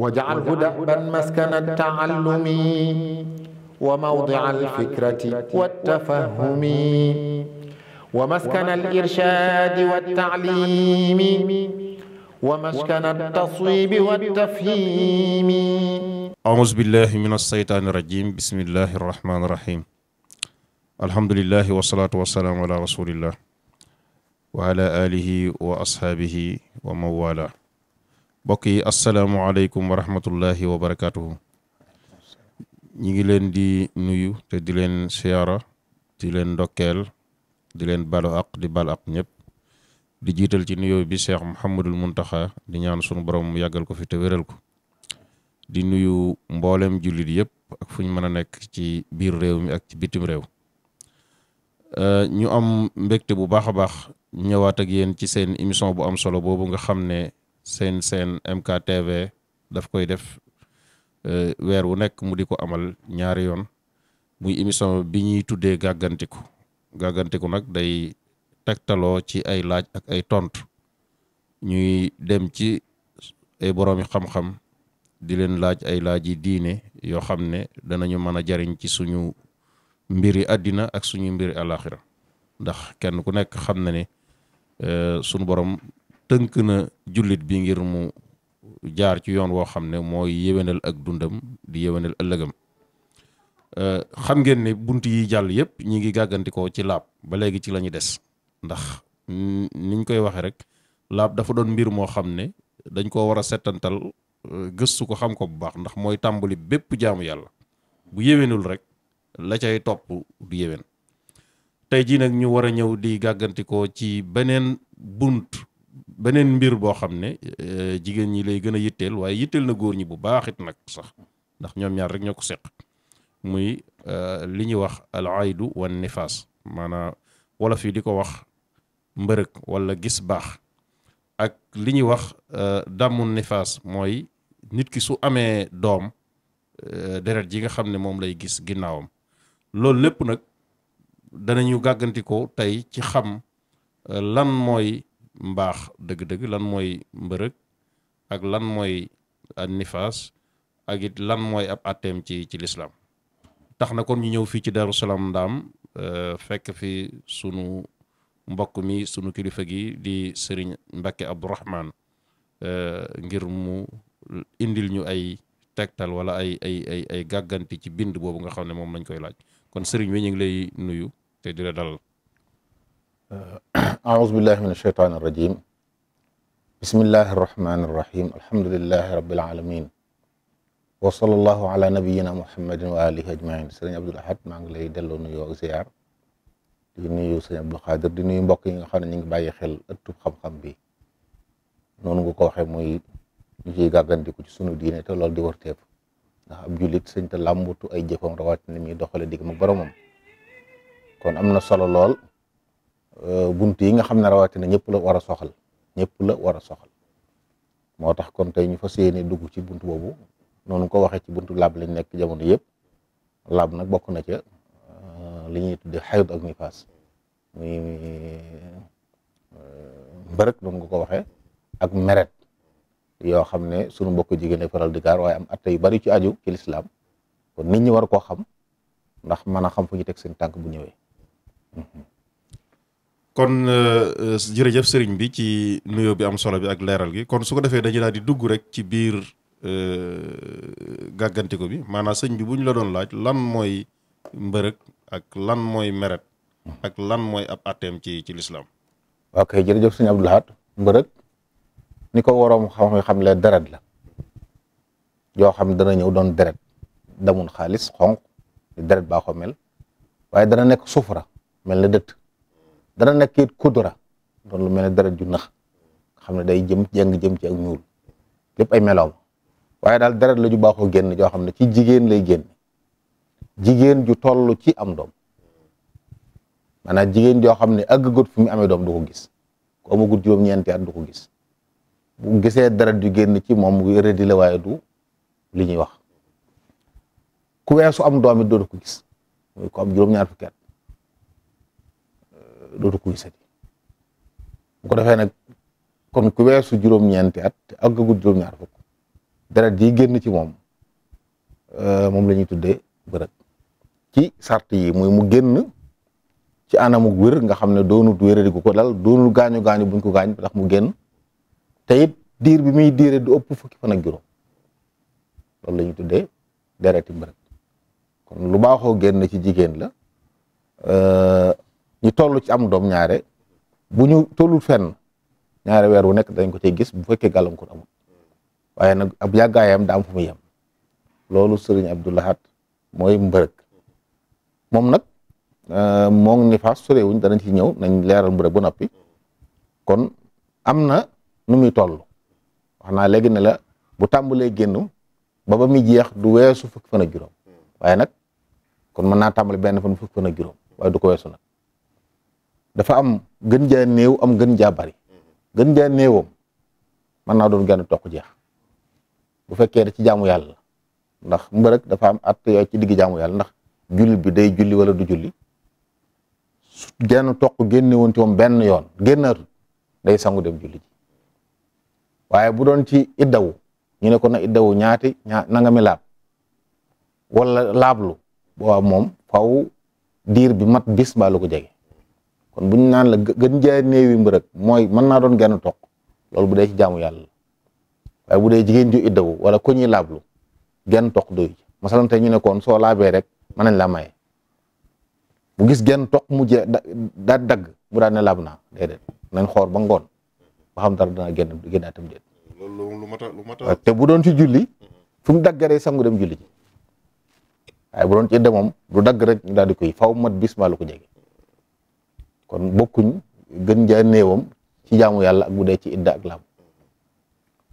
واجعله دأبا مسكن التعلم وموضع الفكرة والتفهم ومسكن الإرشاد والتعليم ومسكن التصويب والتفهيم أعوذ بالله من الشيطان الرجيم بسم الله الرحمن الرحيم الحمد لله والصلاة والسلام على رسول الله وعلى آله وأصحابه ومن والاه mbokk yi asalaamualeykum wa rahmatullahi wa barakaatuhu ñi ngi leen di nuyu te di leen siyaara di leen ndokkeel di leen balu aq di balu aq ñëpp di jiital ci nuyoo bi Cheikh Mouhamadul Muntaxa di ñaan sunu borom mu yàggal ko fi te wéral ko di nuyu mboolem jullit yëpp ak fu ñu mën a nekk ci biir réew mi ak ci bitim réew euh, ñu am mbégte bu baax a baax ñëwaat ak yéen ci seen émission bu am solo boobu nga xam ne seen seen MKTV daf koy def euh, weer wu nekk mu di ko amal ñaari yoon muy émission bi ñuy tuddee gàggantiku gàggantiku nag day tegtaloo ci ay laaj ak ay tontu ñuy dem ci ay boroomi xam-xam di leen laaj ay laaj yi diine yoo xam ne danañu mën a jariñ ci suñu mbiri àddina ak suñu mbiri àllaaxira ndax kenn ku nekk xam na ni euh, sunu borom tënk na jullit bi ngir mu jaar ci yoon woo xam ne mooy yéwénal ak dundam di yéwénal ëllëgam euh, xam ngeen ne bunt yi jàll yëpp ñi ngi gàggantikoo ci laab ba léegi ci la ñu des ndax mm, niñ koy waxee rek laab dafa doon mbir moo xam ne dañ koo war a settantal euh, gëstu ko xam ko bu baax ndax mooy tàmbali bépp jaamu yàlla bu yéwénul rek la cay topp du yéwén tey jii nag ñu war ñëw di gàggantikoo ci beneen bunt beneen mbir boo xam ne euh, jigéen ñi lay gën a yitteel waaye yitteel na góor ñi bu baaxit nag sax ndax ñoom ñaar rek ñoo ko seq muy euh, li ñuy wax al aydu wan nifaas maanaam wolof yi di ko wax mbërëg walla gis baax ak li ñuy wax euh, dàmmu nifaas mooy nit ki su amee doom deret ji nga xam ne moom lay gis ginnaawam loolu lépp nag danañu gàggantikoo tey ci xam lan mooy mbaax dëgg-dëgg lan mooy mbërëg ak lan mooy nifaas ak it lan mooy ab àtteem ci ci lislaam tax na kon ñu ñëw fii ci Daaru Salaam ndaam euh, fekk fi sunu mbokk mi sunu kilifa gi di sëriñ Mbakke Abdourahman euh, ngir mu indil ñu ay tegtal wala ay ay ay ay gàgganti ci bind boobu nga xam ne moom lañ koy laaj kon sëriñ wi ñu ngi lay nuyu te di la dalal a أعوذ بالله من الشيطان الرجيم بسم الله الرحمن الرحيم الحمد لله رب العالمين وصلى الله على نبينا محمد وآله أجمعين sëriñ Abdul Ahad maa ngi lay delloo nuyoo ziar di nuyu sëriñ Abdul Xaadir di nuyu mbokk yi nga xam ne ñu ngi bàyyi xel ëttub xam-xam bi noonu nga ko waxee muy ñu ciy gàggandiku ci sunu diine te loolu di wërteef ndax ab jullit sëñ te làmbutu ay jëfam rawatina ni muy doxale digg mu boromam kon am na solo lool Euh, bunt yi nga xam ne rawatina ñëpp la war a soxal ñëpp la war a soxal moo tax kon tey ñu fa yéene dugg ci bunt boobu noonu ko waxee ci buntu laab lañ nekk jamono yëpp laab na bokk na ca euh, li ñuy tuddee xayd ak nifaas muy euh, mbërëk noonu nga ko waxee ak meret yoo xam ne sunu mbokk jigéen faral di gaar waaye am atte yu bari ci aju ci lislaam kon nit ñi war koo xam ndax mën a xam fu ñu teg seen tànk bu ñëwee mhm. kon euh, euh, jërëjëf sëriñ bi ci nuyoo bi am solo bi ak leeral gi kon su ko defee dañu daal di dugg rek ci biir euh, gàggantiku bi maanaam sëñ bi buñ la doon laaj lan mooy mbërëg ak lan mooy meret ak lan mooy ab atteem ci ci lislaam waaw kay jërëjëf sëñ Abdou Lahad mbërëg ni ko waroom xam xam le deret la yoo xam dana ñëw doon deret damul xaalis xonq deret baa ko mel waaye dana nekk sufra mel na dëtt dana nekk it kudura doon lu mel ne deret ju nax xam ne day jëm jeng jëm ci ak ñuul lépp ay meloom waaye daal deret la ju baaxoo génn joo xam ne ci jigéen lay génn jigéen ju toll ci am doom maanaam jigéen joo xam ne àggagut fu mu amee doom du ko gis ku amagut juróom du ko gis bu gisee deret ju génn ci moom mu rëddi la waaye du li ñuy wax ku weesu am doom it doo ko gis muy ko am juróom-ñaar fukki at dootu ku gisati bu ko defee nag kon ku weesu juróom-ñeenti at te àggagul juróom-ñaar fukk deret ji génn ci moom euh, moom la ñuy tuddee bërëg ci sart yi muy mu génn ci anamuk wér nga xam ne doonut wéradi gu ko dal doonul gaañu gaañu buñ ko gaañ ndax mu génn te it diir bi muy diire du ëpp fukki fan ak juróom loolu la ñuy tuddee dereti mbërëg kon lu génn ci jigéen la euh, ñu tollu ci am doom ñaare bu ñu tollu fenn ñaare weer wu nekk dañ ko cay gis bu fekkee gàllankoor amul waaye nag ab yàggaayam daa am fu muy yem loolu sëriñ Abdou Lahad mooy mbërëg moom nag euh, moom ni faas wuñ danañ ci ñëw nañ leeral mbërëg bu noppi kon am na nu muy toll wax naa léegi ne la bu tàmbalee génn ba ba muy jeex du weesu fukki fan juróom waaye nag kon mën naa tàmbali benn fan fukki fan ak juróom waaye du ko weesu nag dafa am gën jaa néew am gën jaa bari gën jaa néewam mën naa doon genn toq jeex bu fekkee da ci jaamu yàlla ndax mbër dafa am at ci digg jaamu yàlla ndax julli bi day julli wala du julli genn toq génne woon ci moom benn yoon génnaatu day sangu dem julli ji waaye bu doon ci iddawu ñu ne ko na iddawu ñaati nanga nangami laab wala laablu boobaa moom faw diir bi mat bis mbaa ko jege kon bu ñu naan la gën jaay néewi mooy mën naa doon genn toq loolu bu dee ci jaamu yàlla waaye bu dee jigéen ju iddawu wala ku ñuy laablu genn toq doy masalan tey ñu ne soo laabee rek mën nañ la maye bu gis genn toq mu je daa dagg mu daan ne laab naa déedéet nañ xoor ba ngoon ba xam dara dana genn génnaatam déet loolu lu mat a lu te bu doon ci julli fu mu daggaree sangu dem julli ji waaye bu doon ci idda moom dagg rek ñu daal di koy faw mat bis maa lu ko jege kon bokkuñ gën jaa néewam ci jaamu yàlla ak bu dee ci idda ak lam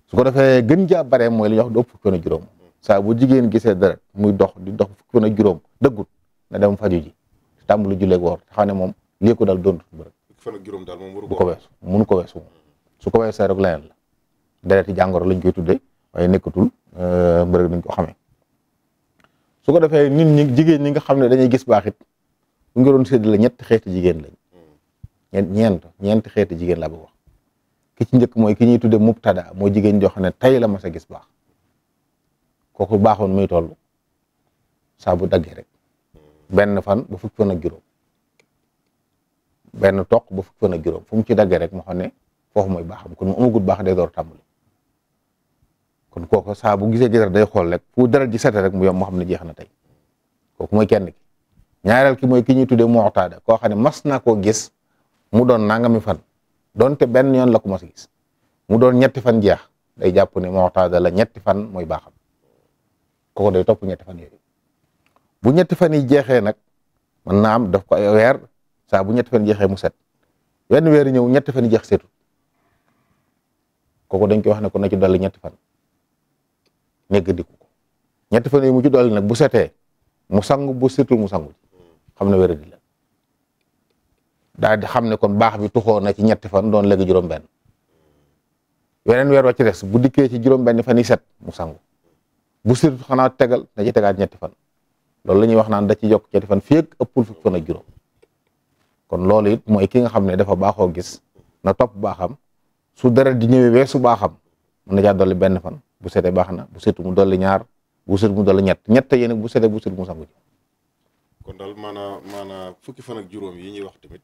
su ko defee gën jaa bare mooy li ñuy wax du ëpp fukki fan ak juróom saa jigéen gisee deret muy dox di dox fukki fan ak juróom dëggut na dem faju ji tàmbali julleeg woor te xam ne moom lii daal doon bërëb. fukki fan ak juróom daal ko weesu mënu ko weesu su ko weesee rek leneen la dereti jàngoro lañ koy tuddee waaye nekkatul mbërëg euh, dañ ko xamee su ko defee nit ñi jigéen ñi nga xam ne dañuy gis baaxit bu nga doon séddale ñetti xeeti jigéen lañ ñeent ñeenti xeeti jigéen laa bëgg wax ki ci njëkk mooy ki ñuy tudde mubtada moo jigéen joo xam ne tey la mas a gis baax kooku baaxoon muy toll saa bu daggee rek benn fan ba fukki fan ak juróom toq ba fukki fan ak fu mu ci daggee rek mu xam ne moy baaxam kon mu amagul baax day door tàmbali kon kooku saa bu gisee dara day xool rek fu dara ji rek mu yom moo xam ne jeex na tey kooku mooy kenn ki ñaareel ki mooy ki ñuy tuddee mu'tada koo xam ne mas na koo gis mu doon nangami fan donte benn yoon la ko mos a gis mu doon ñetti fan jeex day jàpp ne moxtaada la ñetti fan mooy baaxam kooku day topp ñetti fan yooyu bu ñetti fan yi jeexee nag mën naa am ko ay weer saa bu ñetti fan jeexee mu set wenn weer ñëw ñetti fan jeex setu kooku dañ koy wax ne ko na ci dolli ñetti fan néggandiku ko ñetti fan yi mu ci dolli nag bu setee mu sangu bu setul mu sangu xam ne wér di la daal di xam ne kon baax bi tuxoo na ci ñetti fan doon léegi juróom-benn weneen weer wa ci des bu dikkee ci juróom-benn fan yi set mu sangu bu surtout xanaa tegal na tegaat ñetti fan loolu la ñuy wax naan da ci yokk ñetti fan fii ëppul fukki fan ak juróom kon loolu it mooy ki nga xam ne dafa baaxoo gis na topp baaxam su dara di ñëwee weesu baaxam mën na caa benn fan bu setee baax na bu setu mu dolli ñaar bu setu mu dolli ñett ñett yéen bu setee bu setu mu sangu kon daal maanaam fukki fan juróom yi ñuy wax tamit.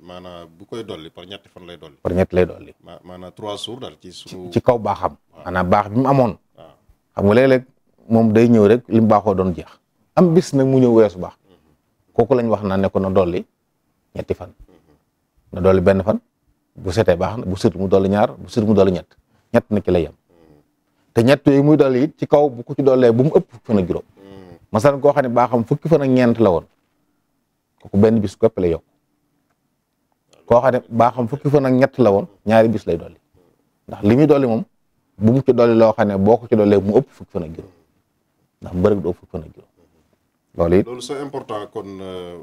maanaam bu koy dolli par ñetti fan lay dolli. par ñetti lay dolli. maanaam trois jours daal ci suñu. kaw baaxam. maanaam baax bi amoon. xam nga léeg-léeg moom day ñëw rek li mu baaxoo doon jeex. am bis nag mu ñëw weesu baax. Mm-hmm. kooku lañ wax naa ne ko na dolli ñetti fan. Mm-hmm. na dolli benn fan bu setee baax na bu sët mu dolli ñaar bu sët mu dolli ñett ñett na ki lay yem. Mm-hmm. te ñett yooyu muy dolli it ci kaw bu ko ci dollee bu mu ëpp fukki fan ak juróom. masalan koo xam ne baaxam fukki fan ak ñeent la woon kooku benn bis képp lay yokk. koo xam ne xam fukki fan ak ñett la woon ñaari bis lay doole ndax li muy dolli moom bu mu ci dolli loo xam ne boo ko ci dollee mu ëpp fukki fana ak ndax mbërëg du ëpp fukki fan ak juróom loolu it loolu important kon euh,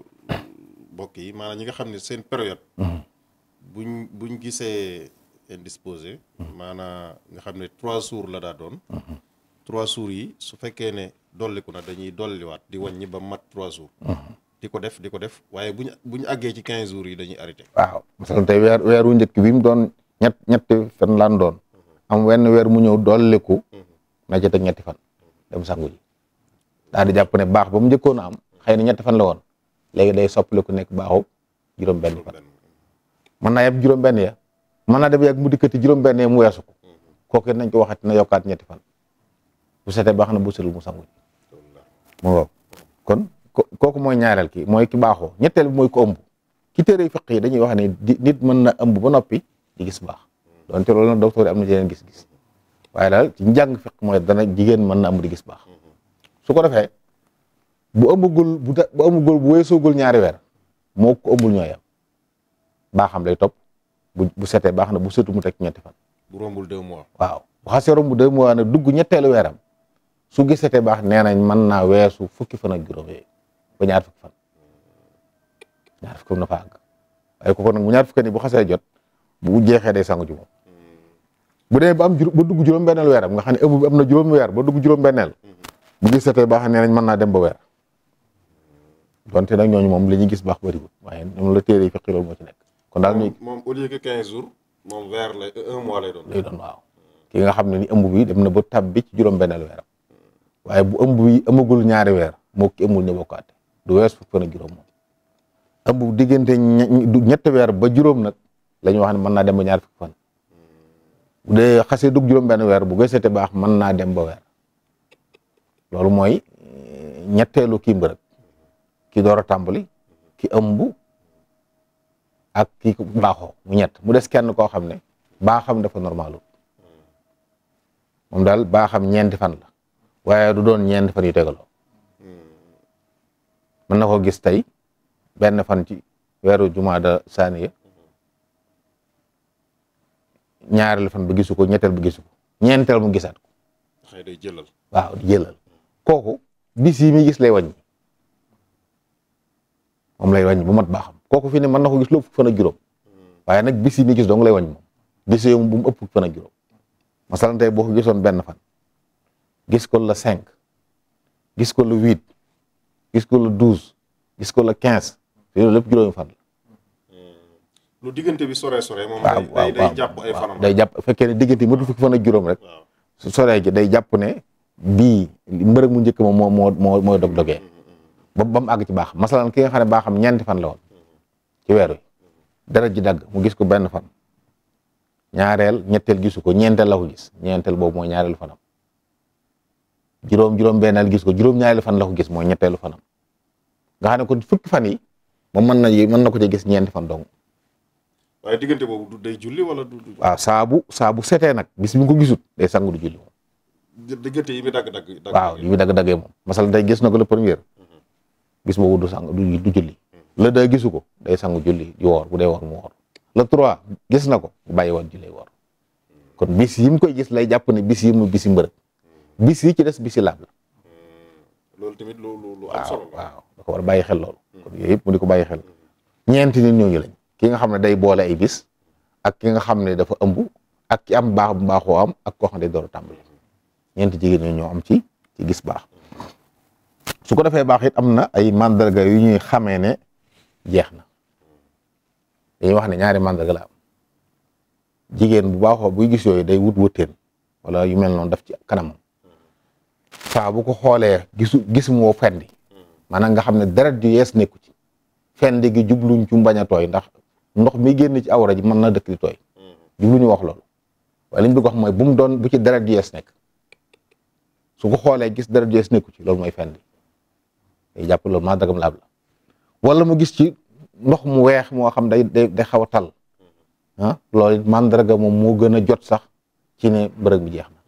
mbokk yi maanaam ñi nga xam ne seen période. Mhm. buñ buñ gisee indisposé. Mhm. maanaam nga xam ne trois jours la daa doon. Mhm. trois jours yi su fekkee ne dolliku na dañuy dolliwaat di wàññi ba mat trois jours. di ko def di ko def waaye bu ñu bu ñu àggee ci quinze jours yi dañuy arrêté. waaw parce que tey weer weeru njëkk bi mu doon ñett ñetti fan laan doon. Mm-hmm. am wenn weer mu ñëw dolliku. Mm-hmm. na ci teg ñetti fan. dem sangu ji daal di jàpp ne baax ba mu njëkkoon a am xëy na ñetti fan la woon léegi day soppaliku nekk baaxu juróom-benn fan. Mm-hmm. mën naa yeb juróom-benn ya mën naa dem yàgg mu dikkati juróom-benn ya mu weesu ko kooku nañ ko waxati na yokkaat ñetti fan bu setee baax na bu setul mu sangu ji mu kooku mooy ñaareel ki mooy ki baaxoo ñetteel bi mooy ko ëmb ki téere fiq yi dañuy wax ne nit mën na ëmb ba noppi di gis baax donte loolu nag yi am na yeneen gis-gis waaye daal ci njàng fiq mooy dana jigéen mën na ëmb di gis baax su ko defee bu ëmbagul bu bu ëmbagul ñaari weer moo ko ëmbul ñooy am baaxam lay topp bu bu setee baax na bu setu mu teg ñetti fan. bu rombul deux mois. waaw bu xasee romb deux mois nag dugg ñetteelu weeram su gisatee baax nee nañ mën naa weesu fukki fan ak juróom ba ñaar fukki fan ñaar fukki na fa àgg waaye kooku nag mu ñaar fukki ni bu xasee jot bu jeexee day sangu ci moom bu dee ba am jur ba dugg juróom-benneel weeram nga xam ne ëmb bi na juróom weer ba dugg juróom-benneel bu gis tey baax nee nañ mën naa dem ba weer donte nag ñooñu moom li ñuy gis baax bëriwul waaye ñoom la téere yi fekk moo ci nekk. kon daal ñuy moom au lieu que 15 weer lay un mois lay waaw ki nga xam ne ni ëmb bi dem na ba tab bi juróom-benneel weeram waaye bu ëmb bi amagul ñaari weer moo du wees fukki fan ak juróom moom ëmb diggante ñetti weer ba juróom nag la ñu wax ne mën naa dem ba ñaar fukk fan bu dee xasee dugg juróom benn weer bu gëstee baax mën naa dem ba weer loolu mooy eh, ñetteelu kiib mbërëg ki door a tàmbali ki ëmb ak ki baaxoo mu ñett mu des kenn koo xam ne baaxam dafa normalu moom daal baaxam ñeenti fan la waaye du doon ñeenti fan yu tegaloo man na ko gis tey benn fan ci weeru jumaada saaniya ñaareel fan ba gisu ko ñetteel ba gisu ko ñenteel mu gisaat ko. xëy day jëlal. waaw kooku bis yi muy gis lay wañ moom lay wàññi bu mat baaxam kooku fi ne mën na ko gis lu ëpp fan ak juróom waaye nag bis yi gis dong lay wàññi moom bis mu ëpp fan ak juróom masalan boo ko gisoon benn fan gis ko la cinq gis ko la huit gis ko le douze gis ko le quinze yooyu lépp juróomi fan la. Hmm. lu diggante bi soree soree. moom day day jàpp ay fanam day jàpp bu fekkee ne diggante bi du fukki fan ak juróom rek. su soree ji day jàpp ne bii mbërëg mu njëkk moom moo mooy dog dogee. Hmm, hmm, ba ba mu ci baax masalan ki nga baax am baaxam fan la woon ci weer wi dara ji dagg mu gis ko benn fan ñaareel ñetteel gisu ko ñeenteel la ko gis ñeenteel boobu mooy ñaareel fanam juróom juróom gis ko juróom ñaareelu fan la ko gis moo ñetteelu fanam nga xam ne fukki fan yi moom mën na mën na ko ci gis ñeenti fan dong. waaye diggante boobu du day julli wala du. waaw saabu saabu setee nag bis bi ko gisut day sangu du julli moom. diggante yi muy dagg-dagg. waaw yi muy dagg-daggee moom masal day gis na ko le premier. Mhm. bis boobu du sang du du julli. la deux gisu ko day sangu julli di woor bu dee woor mu woor. le trois gis na ko bu bàyyi woon julli woor kon bis yi mu koy gis lay jàpp ne bis yi mu bis bis yi ci des bis yi laab la. Hmm. loolu tamit lu lu am solo la waaw da ko bàyyi xel loolu. Hmm. kon ko bàyyi xel. ñeenti nit ñooñu lañ ki nga xam ne day boole ay bis ak ki nga xam ne dafa ëmb ak ki am baax bu baaxoo am ak koo xam door a tàmbali ñeenti jigéen ñoo ñoo am ci ci gis baax su ko defee baax it am na ay mandarga yu ñuy xamee ne jeex na dañuy wax ne ñaari mandarga la am jigéen bu baaxoo buy gis yooyu day wut wuteen wala yu mel noonu daf ci kanamam saa bu ko xoolee gisu gisumoo fendi maanaam nga xam ne deret ju yees nekku ci fendi gi jubluñ ci mbañ a tooy ndax ndox mi génn ci awra ji mën na dëkk di tooy jubluñu wax loolu waaye liñ bëgg wax mooy bu mu doon bu ci deret ju nekk su ko xoolee gis deret ju nekku ci loolu mooy fendi day jàpp loolu maa dagam laab gis ci ndox mu weex moo xam day day day xaw a tal ah loolu it mandarga moom moo gën a jot sax ci ne bërëg bi jeex na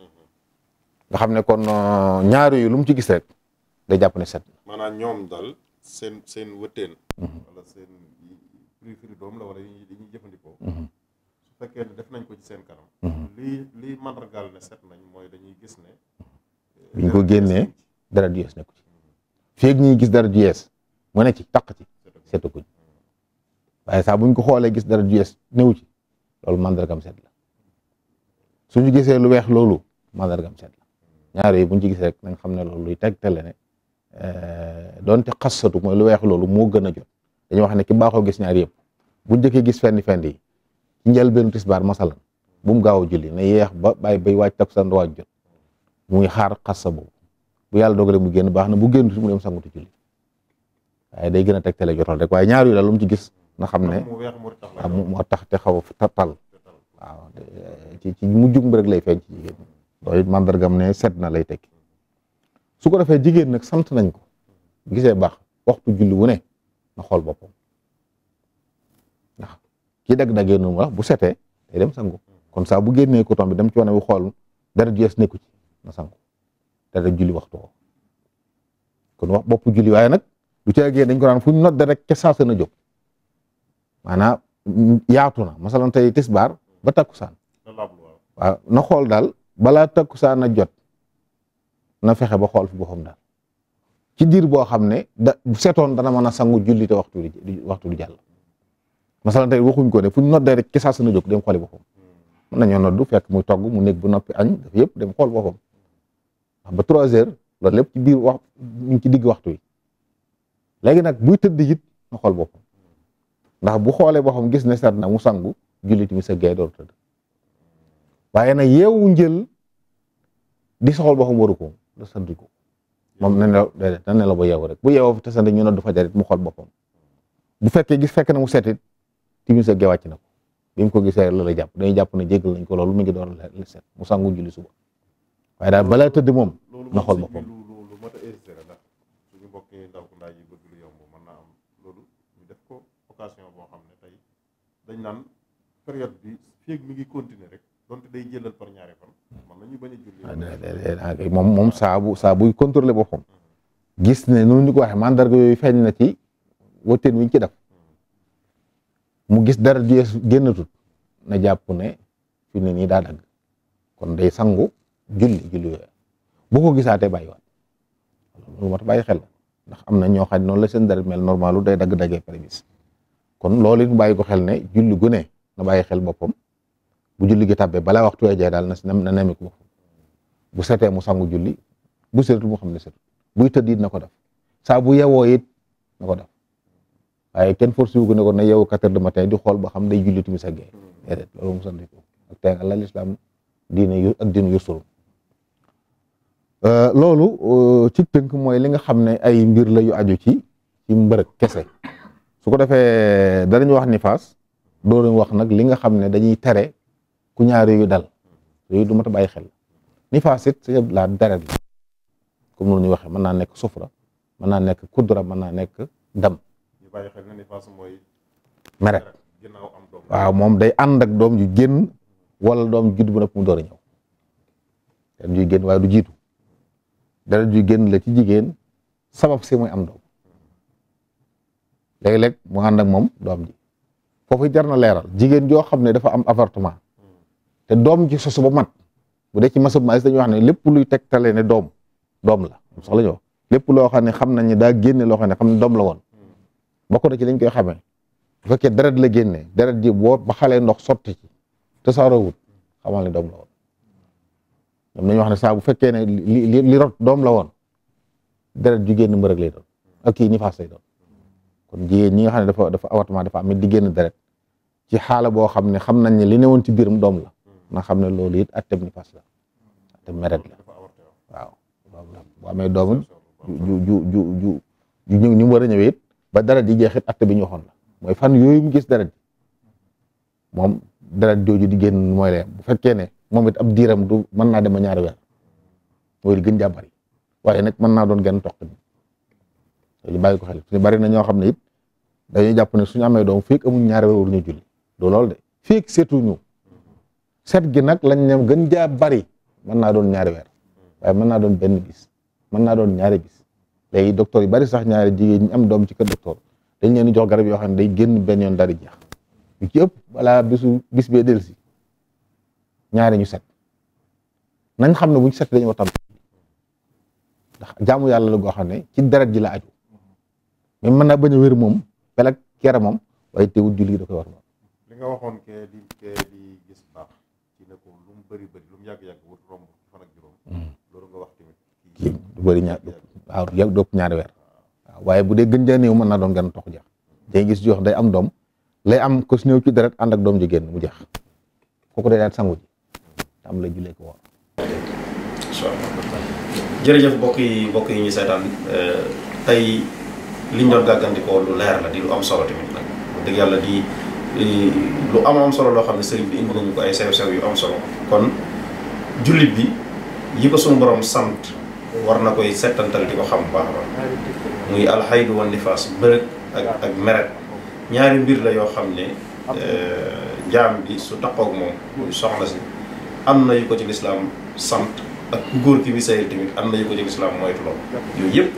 nga xam ne kon euh, ñaari yu lu mu ci gis rek day jàpp ne set. maanaam ñoom daal seen seen wëtteen. Mhm. wala seen firi doom la wala yi ñuy jëfandikoo. Mhm. fekkee ne def nañ ko ci seen kanam. Mhm. lii lii mandargaal ne set nañ mooy dañuy gis ne. bu ko euh, génnee dara du yees nekku ci. feeg ñuy gis dara du yees mu ne ci taq ci setu ko waaye saa bu ko xoolee gis dara du yees newu ci loolu mandargam set la su gisee lu weex loolu mandargam set la. ñaare yi buñ ci gis rek nañ xam ne loolu teg tegtale ne euh, donte xasatu mooy lu weex loolu moo gën a jot dañuy wax ne ki baaxoo gis ñaar yëpp bu njëkkee gis fenn fenn yi ci njëlbeenu tisbaar masalan bu mu gaaw a julli ne yeex ba bàyyi bay wàcc takkusaan waaj jot mu muy xaar xasa boobu bu yàlla dogalee mu génn baax na bu génn mu dem sangutu julli waaye day gën a tegtale jotal rek waaye ñaar yu daal lu mu ci gis na xam ne ah, mu moo tax te xaw a tal waaw ci ci mu jug rek lay feeñ ci jigéen loolu it mandargam ne set na lay tekki su ko defee jigéen nag sant nañ ko gisee baax waxtu julli wu ne na xool boppam ndax kii dag-dagee noonu wax bu setee day dem sangu kon saa bu génnee coton bi dem ci wane wu xool dara ju yees nekku ci na sangu dara julli waxtu ko kon wax bopp julli waaye nag du ci génn dañ ko daan fu na nodde rek ca saa na jóg maanaam yaatu na masalan tey tisbaar ba takkusaan waaw na xool daal balaa takkusaan saana jot na fexe ba xool fi boppam daal ci diir boo xam ne da setoon dana mën a sangu jullit te waxtu du waxtu du jàll masalan tey waxuñ ko ne fu ñu noddee rek kisaas na jóg dem xooli boppam mën nañoo noddu fekk muy togg mu nekk bu noppi añ dafa yëpp dem xool boppam wax ba trois heures loolu lépp ci biir wax mu ci digg waxtu yi léegi nag buy tëdd it na xool boppam bu xoolee boppam gis ne set na mu sangu jullit mi sa gay door tëdd waaye nag yeewu njël di soxal boppam waru ko da moom nan la déedéet nan la ba yeewu rek bu yeewoo te sant ñu noddu fa it mu xool boppam bu fekkee gis fekk na mu setit timis ak wàcc na ko bi mu ko gisee la la jàpp dañuy jàpp na jéggal nañ ko loolu mu ngi door la set mu sangu julli suba waaye daal balaa tëdd moom na xool boppam dañ naan période bi feeg mi ngi continuer rek donte day jëlal par ñaari fan man ñuy bañ a ah, ah, moom moom saabu bu saa buy contrôler boppam gis ne noonu ñu ko waxee mandarga yooyu feeñ na ci woteen wi ci def mu gis dara ju génnatul na jàpp ne fi ne nii daa kon day sangu julli julli yooyu bu ko gisaatee bàyyiwaat loolu moo tax bàyyi xel ndax am na ñoo xam noonu la sen deret mel normalu day dagg daggee prémices kon loolu it mu xel ne julli gu na bàyyi xel boppam bu julli gi tàbbee balaa waxtu wee jee daal na si na nemiku bu setee mu sangu julli bu setul mu xam ne setul bu tëdd it na ko def saa bu yewoo it na ko def waaye kenn force wu ko ne ko na yeewu quatre heures de matin di xool ba xam day julli timis ak gee déedéet loolu mu sant ko ak tey Allah ak diine yu suru euh, loolu euh, ci tënk mooy li nga xam ne ay mbir la aju ci ci mbërëg kese su ko defee danañ wax nifas dooruñ wax nag li nga xam ne dañuy tere ku ñaar yooyu dal yooyu du mat a bàyyi xel ni it c'est la deret la comme noonu ñu waxee mën naa nekk sufra mën naa nekk kudra mën naa nekk dam. ñu bàyyi xel ne nifaas mooy. mere ginnaaw am waaw moom day ànd ak doom ju génn wala doom ju judd bu nekk mu door a ñëw deret juy génn waaye du jiitu deret juy génn la ci jigéen sabab si mooy am doom léeg-léeg mu ànd moom doom ji foofu jar na leeral jigéen joo xam ne dafa am avortement te doom ji sosu ba mat bu dee ci masab maalis dañuy wax ne lépp luy tegtale ne doom doom la sax la ñu wax lépp loo xam ne xam nañ ne daa génne loo xam ne xam ne doom la woon bokk na ci lañ koy xamee bu fekkee deret la génne deret ji boo ba xalee ndox sotti ci te saaroowut xamal ne doom la woon dam nañu wax ne saa bu fekkee ne li doom la woon deret ju génn mbërëg lay doon ak kii nifaas lay doon kon jigéen ñi nga xam ne dafa dafa avortement dafa am di génn deret ci xaala boo xam ne xam nañ ne li newoon ci biiram doom la na xam ne loolu it atteb ni pas la atteb meret la waaw bu amee doomam ju ju ju ju ju ñu ni mu war a ñëwee it ba dara di jeexit atte bi ñu waxoon la mooy fan yooyu mu gis dara moom dara jooju di génn mooy bu fekkee ne moom it ab diiram du mën naa dema ñaare ñaari weer mooy li gën jàmbari waaye nag mën naa doon genn toq loolu bàyyi ko xel suñu bari na ñoo xam ne it dañuy jàpp ne suñu amee doom fii amuñ ñaari weer waruñu julli du loolu de fii seetuñu set gi nag lañ ne gën jaa bari mën naa doon ñaari weer waaye mën naa doon benn bis mën naa doon ñaare bis léegi docteur yu bari sax ñaari jigéen ñi am doom ci kër docteur dañ leen di jox garab yoo xam ne day génn benn yoon jeex yu ci bisu bis bee dellusi ñaari ñu set nañ xam ne buñ set dañu war ndax jaamu yàlla la goo xam ne ci deret ji la aju mais mën naa bañ a wér moom pelak kere moom waaye teewul julli da koy war moom li ne lu mu bëri bëri lu mu yàgg-yàgg wut romb fan ak juróom mm. loolu nga wax tamit kii du bëri ñaar waaw yàgg dopp ñaari weer waaye bu dee gën jaa néew mën naa doon gën tox jeex dañuy gis jox day am doom lay am kos néew ci deret ànd doom ji génn mu jeex ko day daal sangu ji am la julee ko woon jërëjëf mbokk yi mbokk yi ñu seetaan euh, tey liñ doon gàggandikoo lu leer la di lu am solo tamit nag dëgg yàlla di lu am am solo loo xam ne sëriñ bi indi nañu ko ay sew-sew yu am solo kon jullit bi yi ko borom sant war na koy settantal di ko xam baax ba muy alxaydu wan nifaas bërëg ak meret ñaari mbir la yoo xam ne euh, jaam bi su taqoog moom muy soxna si am na yu ko ci lislaam sant ak ku góor ki bi sayal tamit am na yu ko ci lislaam moytu lool yooyu yëpp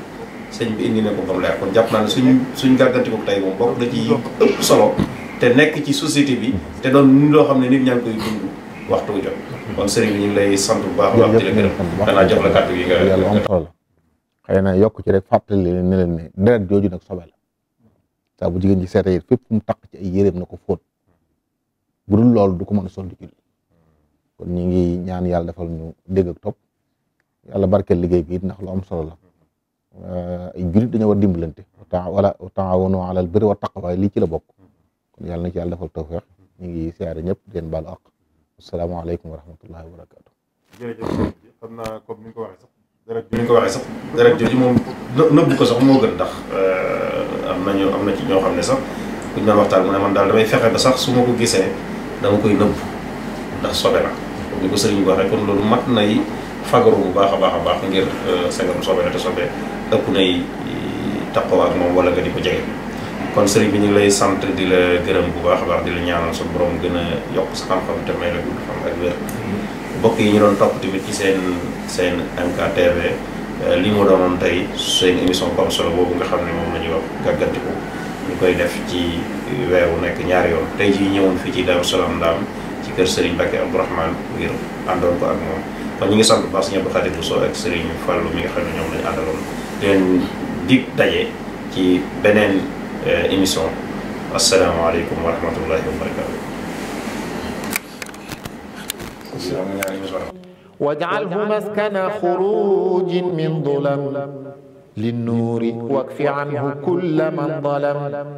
sëñ bi indi na ko ba mu leer kon jàpp naa ne suñ suñ gàggantiku tey moom bokk da ci ëpp solo te nekk ci société bi mhm. te doon loo xam ne nit ñaa koy dund waxtu jot kon sëriñ bi lay sant baax la gërëm xëy na yokk ci rek fàttali leen leen ne deret jooju nag sobe la bu jigéen ji seete yit taq ci ay yéreem na ko fóot loolu du ko mën a sol di ñu ngi ñaan yàlla defal ñu dégg ak topp yàlla barkeel liggéey bi ndax lu am solo la ay jullit dañoo war dimbalante wala taawanu alal birri wa taqwa lii ci la bokk kon yàlla na ci yàlla defal tawfeex ñu ngi siyaare ñëpp di leen baalu àq asalaamaaleykum wa rahmatullahi wa barakaatu. jërëjëf xam naa comme ni nga ko waxee sax deret bi ni ko waxee sax deret jooju moom nëbbu ko sax moo gën ndax euh, am nañu am na ci ñoo xam ne sax bu ñu waxtaan mu ne man daal damay fexe ba sax su ma ko gisee dama koy nëbbu ndax sobe na comme ni ko sëriñ bi waxee kon loolu mat nay fagaru bu baax a baax a baax ngir euh, sagaru sobe na te sobe ëpp nay taqoo ak moom wala nga di ko jege. kon sëriñ bi ñu ngi lay sant di la gërëm bu baax a baax di la ñaanal sa borom gën a yokk sa xam-xam te may la gudd xam ak wér mm-hmm. mbokk yi ñu doon topp tamit ci seen seen MKTV eh, li mu doonoon tey seen émission bu am solo boobu nga xam ne moom la ñuy wax gàggantiku ñu koy def ci weer wu nekk ñaari yoon tey jii ñëwoon fii ci Daaru Salaam Ndaam ci kër Serigne Bakke Abdourahmane ngir àndoon ko ak moom kon ñu ngi sant bu baax Serigne Abdou Khadim Bousso ak Serigne Fallou mi nga xam ne ñoom lañu àndaloon leen dig daje ci beneen Eh, émission asalaamaaleykum wa rahmatullahi wa barakaatu. waj'alhu maskana xurujin min dulam linnuuri wakfi anhu kulla man dalam